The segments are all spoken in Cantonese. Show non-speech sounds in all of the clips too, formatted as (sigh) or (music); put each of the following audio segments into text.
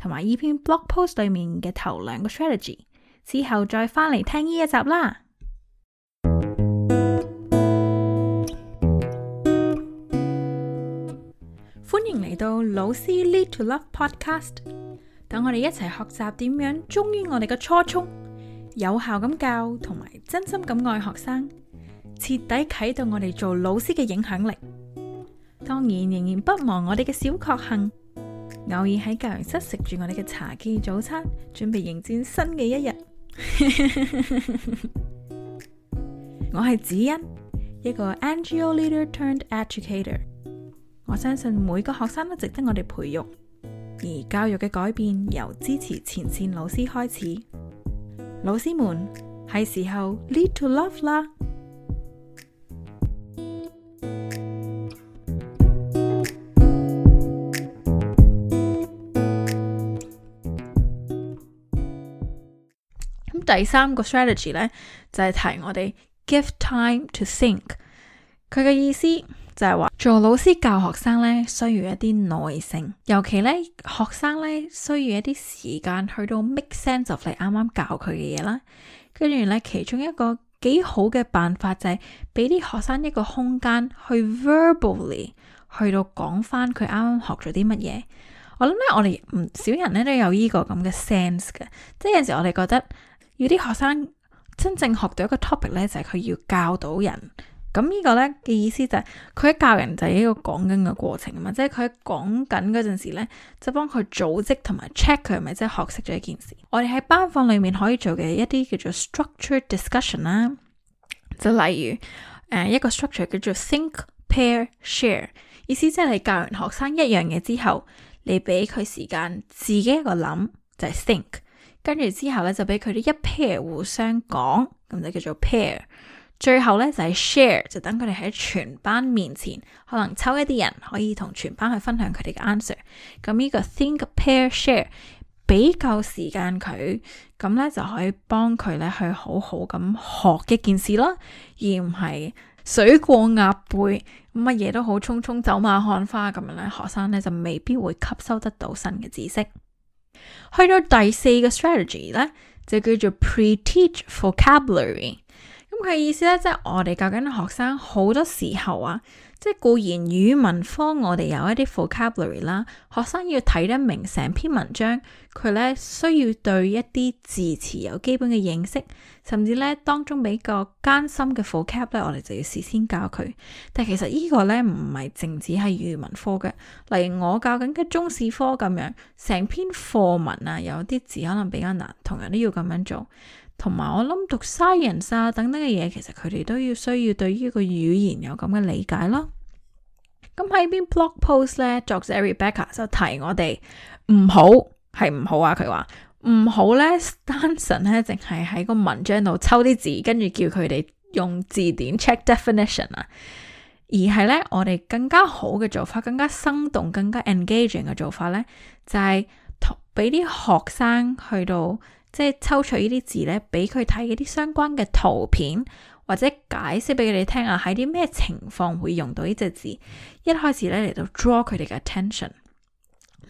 同埋依篇 blog post 對面嘅頭兩個 strategy，之後再返嚟聽呢一集啦。歡迎嚟到老師 Lead to Love Podcast，等我哋一齊學習點樣忠於我哋嘅初衷，有效咁教同埋真心咁愛學生，徹底啟動我哋做老師嘅影響力。當然，仍然不忘我哋嘅小確幸。偶爾喺教室食住我哋嘅茶記早餐，準備迎戰新嘅一日。 (laughs) 我係子欣，一個 NGO leader turned educator。Turn ed educ 我相信每個學生都值得我哋培育，而教育嘅改變由支持前線老師開始。老師們，係時候 lead to love 啦。第三個 strategy 咧，就係提我哋 give time to think。佢嘅意思就係話做老師教學生咧，需要一啲耐性，尤其咧學生咧需要一啲時間去到 make sense of 你啱啱教佢嘅嘢啦。跟住咧，其中一個幾好嘅辦法就係俾啲學生一個空間去 verbally 去到講翻佢啱啱學咗啲乜嘢。我諗咧，我哋唔少人咧都有呢個咁嘅 sense 嘅，即係有陣時我哋覺得。有啲學生真正學到一個 topic 呢，就係、是、佢要教到人。咁呢個呢，嘅、這個、意思就係佢喺教人就係一個講緊嘅過程啊嘛，即係佢講緊嗰陣時呢，就幫佢組織同埋 check 佢係咪即係學識咗一件事。我哋喺班房裏面可以做嘅一啲叫做 structured discussion 啦，就例如誒、呃、一個 structure 叫做 think pair share，意思即係你教完學生一樣嘢之後，你俾佢時間自己一個諗就係、是、think。跟住之後咧，就俾佢哋一 pair 互相講，咁就叫做 pair。最後咧就係、是、share，就等佢哋喺全班面前，可能抽一啲人可以同全班去分享佢哋嘅 answer。咁呢個 think pair share，俾夠時間佢，咁咧就可以幫佢咧去好好咁學一件事啦，而唔係水過鴨背，乜嘢都好，匆匆走馬看花咁樣咧，學生咧就未必會吸收得到新嘅知識。去到第四個 strategy 咧，就叫做 pre-teach vocabulary。咁、嗯、佢意思咧，即係我哋教緊學生好多時候啊，即係固然語文科我哋有一啲 vocabulary 啦，學生要睇得明成篇文章，佢咧需要對一啲字詞有基本嘅認識。甚至咧，當中比較艱深嘅課 cap 咧，我哋就要事先教佢。但其實呢個咧唔係淨止係語文科嘅，例如我教緊嘅中史科咁樣，成篇課文啊，有啲字可能比較難，同樣都要咁樣做。同埋我諗讀 science 啊等等嘅嘢，其實佢哋都要需要對於個語言有咁嘅理解咯。咁喺邊 blog post 咧，作者 Rebecca 就提我哋唔好係唔好啊，佢話。唔好咧，單純咧，淨係喺個文章度抽啲字，跟住叫佢哋用字典 check definition 啊。而係咧，我哋更加好嘅做法，更加生動、更加 engaging 嘅做法咧，就係俾啲學生去到即係抽取呢啲字咧，俾佢睇嗰啲相關嘅圖片，或者解釋俾佢哋聽啊，喺啲咩情況會用到呢隻字。一開始咧嚟到 draw 佢哋嘅 attention。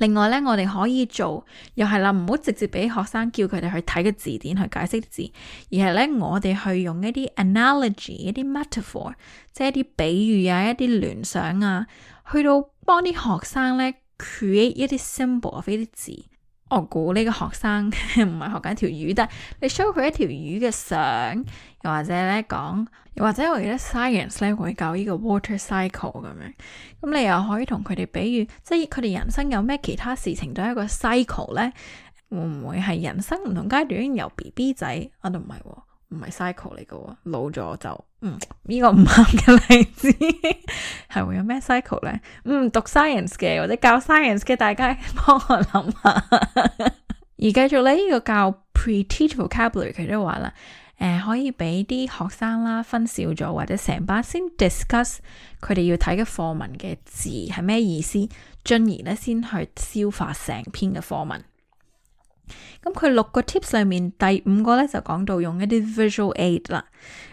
另外咧，我哋可以做，又係啦，唔好直接俾學生叫佢哋去睇個字典去解釋字，而係咧，我哋去用一啲 analogy、一啲 metaphor，即係一啲比喻啊、一啲聯想啊，去到幫啲學生咧 create 一啲 symbol of 呢啲字。我估呢個學生唔係學緊條魚，但係你 show 佢一條魚嘅相。又或者咧講，又或者我哋咧 science 咧會教呢個 water cycle 咁樣，咁你又可以同佢哋比喻，即係佢哋人生有咩其他事情都係一個 cycle 咧？會唔會係人生唔同階段由 B B 仔？我都唔係，唔係、喔、cycle 嚟噶、喔，老咗就嗯，呢、這個唔啱嘅例子係 (laughs) 會有咩 cycle 咧？嗯，讀 science 嘅或者教 science 嘅大家幫我諗下。 (laughs) 而繼續咧呢、這個教 preteach vocabulary，佢都話啦。誒、呃、可以俾啲學生啦，分小組或者成班先 discuss 佢哋要睇嘅課文嘅字係咩意思，進而咧先去消化成篇嘅課文。咁佢六個 tips 裏面第五個咧就講到用一啲 visual aid 啦，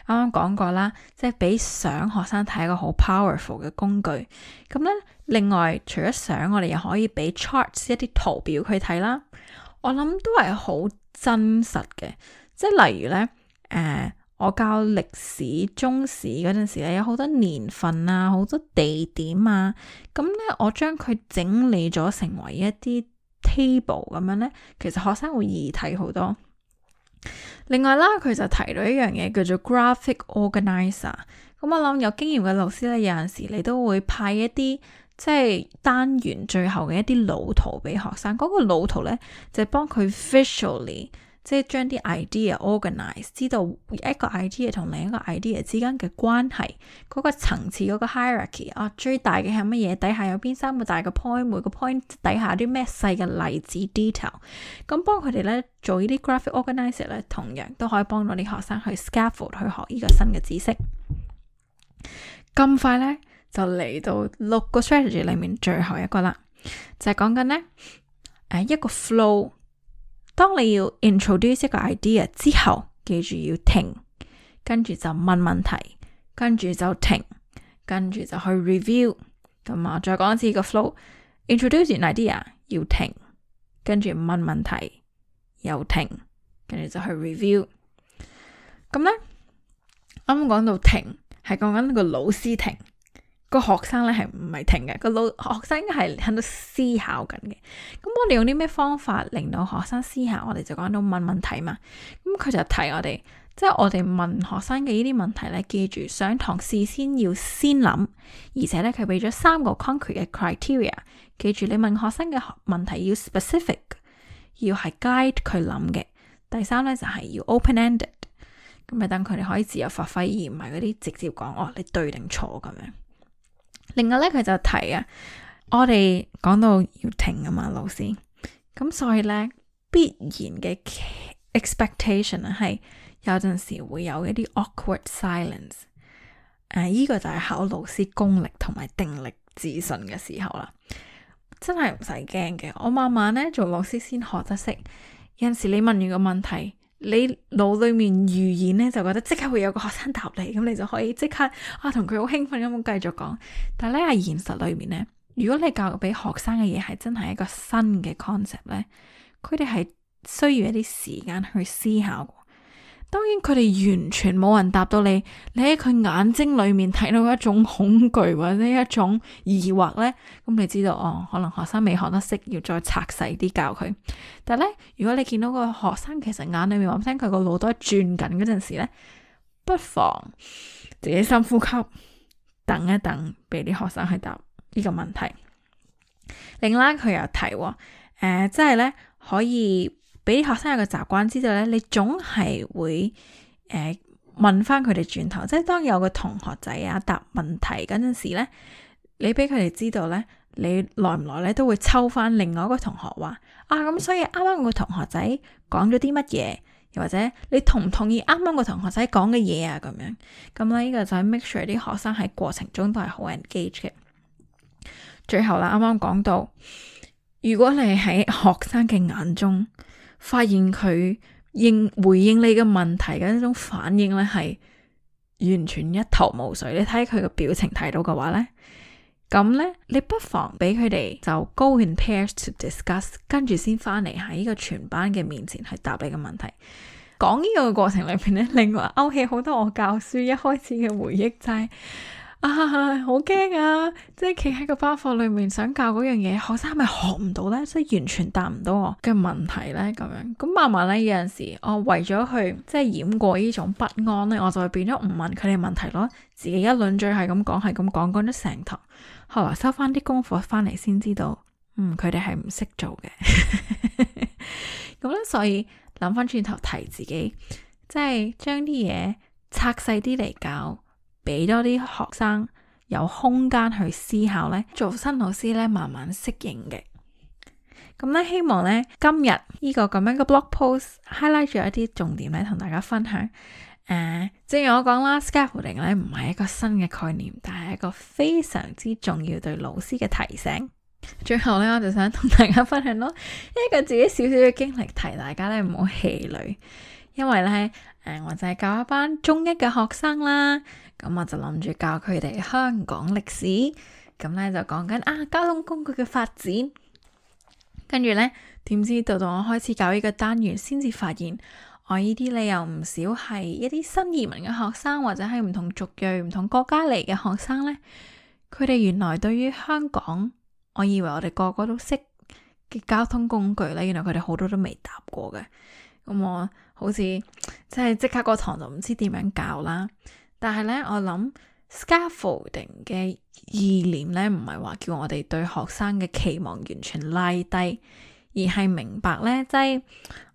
啱啱講過啦，即係俾相學生睇一個好 powerful 嘅工具。咁咧另外除咗相，我哋又可以俾 charts 一啲圖表佢睇啦。我諗都係好真實嘅，即係例如咧。誒，uh, 我教歷史、中史嗰陣時咧，有好多年份啊，好多地點啊，咁咧我將佢整理咗成為一啲 table 咁樣咧，其實學生會易睇好多。另外啦，佢就提到一樣嘢叫做 graphic organizer。咁、嗯、我諗有經驗嘅老師咧，有陣時你都會派一啲即係單元最後嘅一啲老圖俾學生，嗰、那個老圖咧就幫、是、佢 visually。即係將啲 idea organize，知道一個 idea 同另一個 idea 之間嘅關係，嗰個層次嗰個 hierarchy 啊，最大嘅係乜嘢，底下有邊三個大嘅 point，每個 point 底下有啲咩細嘅例子 detail，咁幫佢哋咧做呢啲 graphic organizer 咧，同樣都可以幫到啲學生去 scaffold 去學呢個新嘅知識。咁快咧就嚟到六個 strategy 裏面最後一個啦，就係講緊咧誒一個 flow。當你要 introduce 一個 idea 之後，記住要停，跟住就問問題，跟住就停，跟住就去 review。咁啊，再講一次個 flow：introduce 個 idea 要停，跟住問問題，又停，跟住就去 review。咁咧，啱啱講到停，係講緊個老師停。個學生咧，係唔係停嘅？個老學生應該係喺度思考緊嘅。咁我哋用啲咩方法令到學生思考？我哋就講到問問題嘛。咁佢就提我哋，即係我哋問學生嘅呢啲問題咧，記住上堂事先要先諗，而且咧佢俾咗三個 concrete 嘅 criteria。記住你問學生嘅問題要 specific，要係 guide 佢諗嘅。第三咧就係要 open ended，咁咪等佢哋可以自由發揮，而唔係嗰啲直接講哦你對定錯咁樣。另外呢，佢就提啊，我哋講到要停啊嘛，老師，咁所以呢，必然嘅 expectation 係有陣時會有一啲 awkward silence。啊、呃，依、這個就係考老師功力同埋定力自信嘅時候啦，真係唔使驚嘅。我慢慢呢做老師先學得識，有陣時你問完個問題。你腦裏面預演咧，就覺得即刻會有個學生答你，咁你就可以即刻啊同佢好興奮咁繼續講。但係咧，喺現實裏面咧，如果你教育俾學生嘅嘢係真係一個新嘅 concept 咧，佢哋係需要一啲時間去思考。當然佢哋完全冇人答到你，你喺佢眼睛裏面睇到一種恐懼或者一種疑惑呢，咁你知道哦，可能學生未學得識，要再拆細啲教佢。但係咧，如果你見到個學生其實眼裏面話聽佢個腦都係轉緊嗰陣時呢，不妨自己深呼吸，等一等，俾啲學生去答呢個問題。另啦，佢又提，誒、呃，即係呢，可以。俾啲學生有個習慣，知道咧，你總係會誒、欸、問翻佢哋轉頭，即係當有個同學仔啊答問題嗰陣時咧，你俾佢哋知道咧，你耐唔耐咧都會抽翻另外一個同學話啊咁，所以啱啱個同學仔講咗啲乜嘢，又或者你同唔同意啱啱個同學仔講嘅嘢啊？咁樣咁咧，呢個就係 make sure 啲學生喺過程中都係好 engage 嘅。最後啦，啱啱講到，如果你喺學生嘅眼中。發現佢應回應你嘅問題嘅呢種反應咧，係完全一頭霧水。你睇佢嘅表情睇到嘅話咧，咁咧你不妨俾佢哋就 go in pairs to discuss，跟住先翻嚟喺呢個全班嘅面前去答你嘅問題。講呢個過程裏邊咧，另外勾起好多我教書一開始嘅回憶，就是，就係。啊，好驚啊！即係企喺個包課裏面想教嗰樣嘢，學生係咪學唔到呢？即係完全答唔到我嘅問題呢。咁樣咁慢慢呢，有陣時我為咗去即係掩過呢種不安呢，我就會變咗唔問佢哋問題咯。自己一輪嘴係咁講，係咁講，講咗成堂，後來收翻啲功課翻嚟先知道，嗯，佢哋係唔識做嘅。咁咧，所以諗翻轉頭提自己，即係將啲嘢拆細啲嚟教。俾多啲學生有空間去思考呢，做新老師呢慢慢適應嘅。咁呢，希望呢今日呢個咁樣嘅 blog post highlight 咗一啲重點呢同大家分享。誒、呃，正如我講啦 scaffolding 呢唔係一個新嘅概念，但係一個非常之重要對老師嘅提醒。最後呢，我就想同大家分享咯，一個自己少少嘅經歷，提大家呢唔好氣餒，因為呢。誒，我就係教一班中一嘅學生啦，咁我就諗住教佢哋香港歷史，咁咧就講緊啊交通工具嘅發展，跟住呢，點知到到我開始教呢個單元，先至發現我呢啲你有唔少係一啲新移民嘅學生或者係唔同族裔、唔同國家嚟嘅學生呢，佢哋原來對於香港，我以為我哋個個都識嘅交通工具呢，原來佢哋好多都未搭過嘅，咁我。好似即係即刻個堂就唔知點樣教啦。但係呢，我諗 scaffolding 嘅意念呢，唔係話叫我哋對學生嘅期望完全拉低，而係明白呢，即係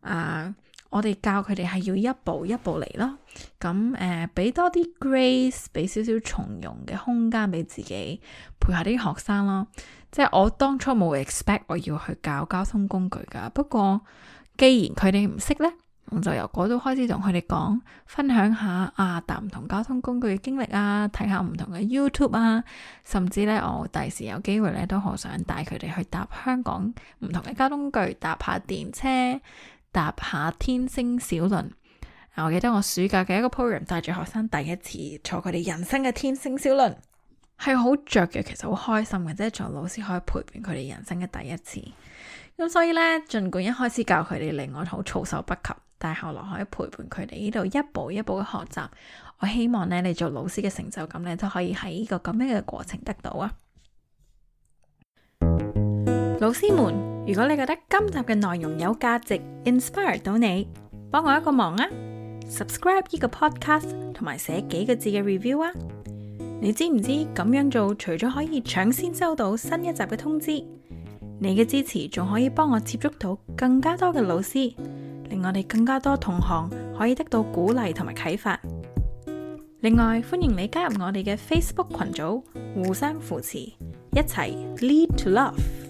啊、呃，我哋教佢哋係要一步一步嚟咯。咁誒，俾、呃、多啲 grace，俾少少從容嘅空間俾自己配合啲學生咯。即係我當初冇 expect 我要去教交通工具噶，不過既然佢哋唔識呢。我就由嗰度開始同佢哋講，分享下啊搭唔同交通工具嘅經歷啊，睇下唔同嘅 YouTube 啊，甚至咧我第時有機會咧都好想帶佢哋去搭香港唔同嘅交通工具，搭下電車，搭下天星小輪。我記得我暑假嘅一個 program，帶住學生第一次坐佢哋人生嘅天星小輪，係好着嘅，其實好開心嘅，即係做老師可以陪伴佢哋人生嘅第一次。咁所以咧，盡管一開始教佢哋，令我好措手不及。但後來可以陪伴佢哋呢度一步一步嘅學習，我希望呢，你做老師嘅成就感呢，都可以喺呢個咁樣嘅過程得到啊。 (music) 老師們，如果你覺得今集嘅內容有價值，inspire 到你，幫我一個忙啊，subscribe 呢個 podcast 同埋寫幾個字嘅 review 啊。你知唔知咁樣做除咗可以搶先收到新一集嘅通知，你嘅支持仲可以幫我接觸到更加多嘅老師。我哋更加多同行可以得到鼓勵同埋啟發。另外，歡迎你加入我哋嘅 Facebook 群組《互相扶持》，一齊 Lead to Love。